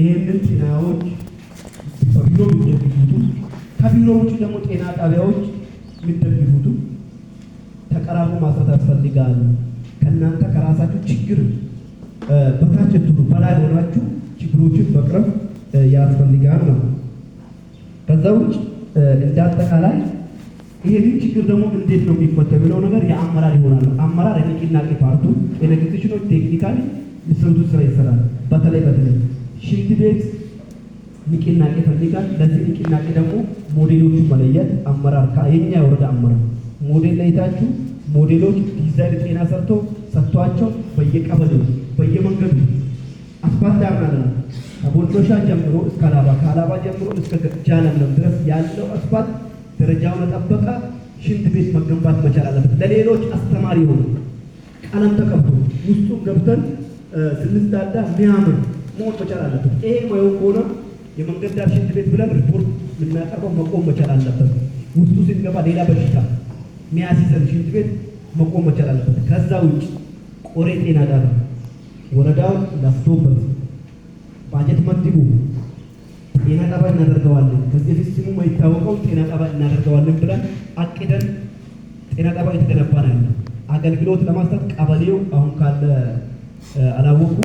ይህንን ጤናዎች በቢሮ የሚደግፉቱ ከቢሮ ውጭ ደግሞ ጤና ጣቢያዎች የሚደግፉቱ ተቀራሩ ማስረት ያስፈልጋል። ከእናንተ ከራሳችሁ ችግር በታች ትሉ በላይ ሆናችሁ ችግሮችን መቅረፍ ያስፈልጋል ነው። ከዛ ውጭ እንደ አጠቃላይ ይህንን ችግር ደግሞ እንዴት ነው የሚፈተው የሚለው ነገር የአመራር ይሆናል። አመራር የንቅናቄ ፓርቱ የነግግሽኖች ቴክኒካል ሚስረቱ ስራ ይሰራል። በተለይ በተለይ ሽንት ቤት ንቅናቄ ፈልጋል። ለዚህ ንቅናቄ ደግሞ ሞዴሎቹ መለየት አመራር ከየኛ የወረዳ አመራር ሞዴል ለይታችሁ ሞዴሎች ዲዛይን ጤና ሰርቶ ሰጥቷቸው በየቀበሌው በየመንገዱ አስፋልዳርናለ ከቦንዶሻ ጀምሮ እስከ አላባ ከአላባ ጀምሮ እስከ ጃለምለም ድረስ ያለው አስፋልት ደረጃውን የጠበቀ ሽንት ቤት መገንባት መቻል አለበት። ለሌሎች አስተማሪ ሆነ ቀለም ተቀብቶ ውስጡ ገብተን ስንዝዳዳ የሚያምር መሆን መቻል አለበት። ይሄ ማየው ከሆነ የመንገድ ዳር ሽንት ቤት ብለን ሪፖርት የምናቀርበው መቆም መቻል አለበት። ውስጡ ሲንገባ ሌላ በሽታ የሚያሲዘን ሽንት ቤት መቆም መቻል አለበት። ከዛ ውጭ ቆሬ ጤና ዳር ወረዳውን ላስቶበት ባጀት መድቡ ጤና ጣቢያ እናደርገዋለን። ከዚህ በፊት ስሙ የማይታወቀው ጤና ጣቢያ እናደርገዋለን ብለን አቅደን ጤና ጣቢያ የተገነባ ነው ያለው። አገልግሎት ለማስጠት ቀበሌው አሁን ካለ አላወቁም።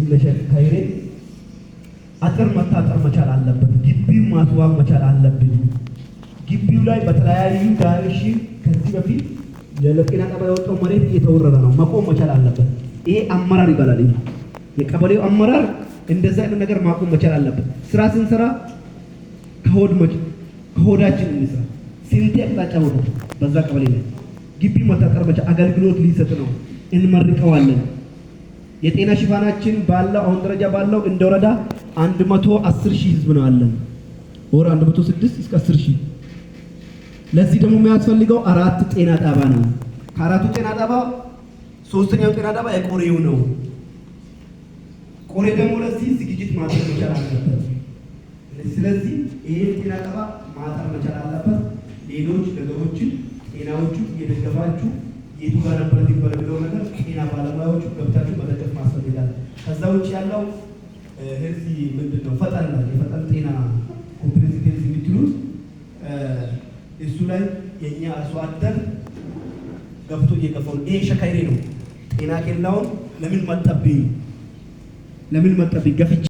ኢብነ ሼክ አጥር መታጠር መቻል አለበት፣ ግቢው ማስዋብ መቻል አለብን። ግቢው ላይ በተለያዩ ዳርሽ ከዚህ በፊት ለጤና ቀበሌ የወጣው መሬት እየተወረረ ነው፣ መቆም መቻል አለበት። ይሄ አመራር ይባላል። የቀበሌው አመራር እንደዛ አይነት ነገር ማቆም መቻል አለበት። ስራ ስንሰራ ከሆድ መች ከሆዳችን እንስራ። ስንቴ አቅጣጫ ወደ በዛ ቀበሌ ላይ ግቢው መታጠር መቻል አገልግሎት ሊሰጥ ነው፣ እንመርቀዋለን። የጤና ሽፋናችን ባለው አሁን ደረጃ ባለው እንደ ወረዳ 110 ሺህ ህዝብ ነው ያለን፣ ወር 106 እስከ 10 ሺህ። ለዚህ ደግሞ የሚያስፈልገው አራት ጤና ጣባ ነው። ከአራቱ ጤና ጣባ ሶስተኛው ጤና ጣባ የቆሬው ነው። ቆሬ ደግሞ ለዚህ ዝግጅት ማድረግ መቻል አለበት። ስለዚህ ይህ ጤና ጣባ ማጠር መቻል አለበት። ሌሎች ነገሮችን ጤናዎቹ እየደገፋችሁ የቱ ጋር ነበረት የሚበረግደው ነገር ጤና ባለሙያዎቹ ገብታችሁ መደገፍ ማስፈልጋል። ከዛ ውጭ ያለው ሄልዚ ምንድን ነው ፈጠን የፈጠን ጤና ኮምፕሬንሲቭ ሄልዝ የሚትሉት እሱ ላይ የእኛ አርሶ አደር ገብቶ እየገፋው ይሄ ሸካይሬ ነው ጤና ኬላውን ለምን መጠብኝ ለምን መጠብኝ ገፍቼ